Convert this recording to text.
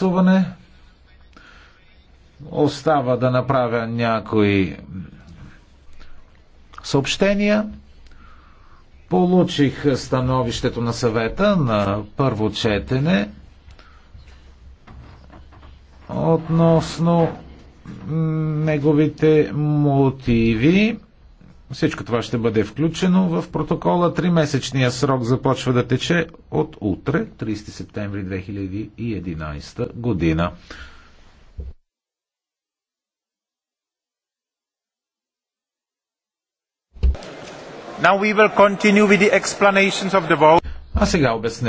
съществуване. Остава да направя някои съобщения. Получих становището на съвета на първо четене относно неговите мотиви. Всичко това ще бъде включено в протокола. Тримесечния срок започва да тече от утре, 30 септември 2011 година. Now we will continue with the explanations of the vote. А сега обясняваме.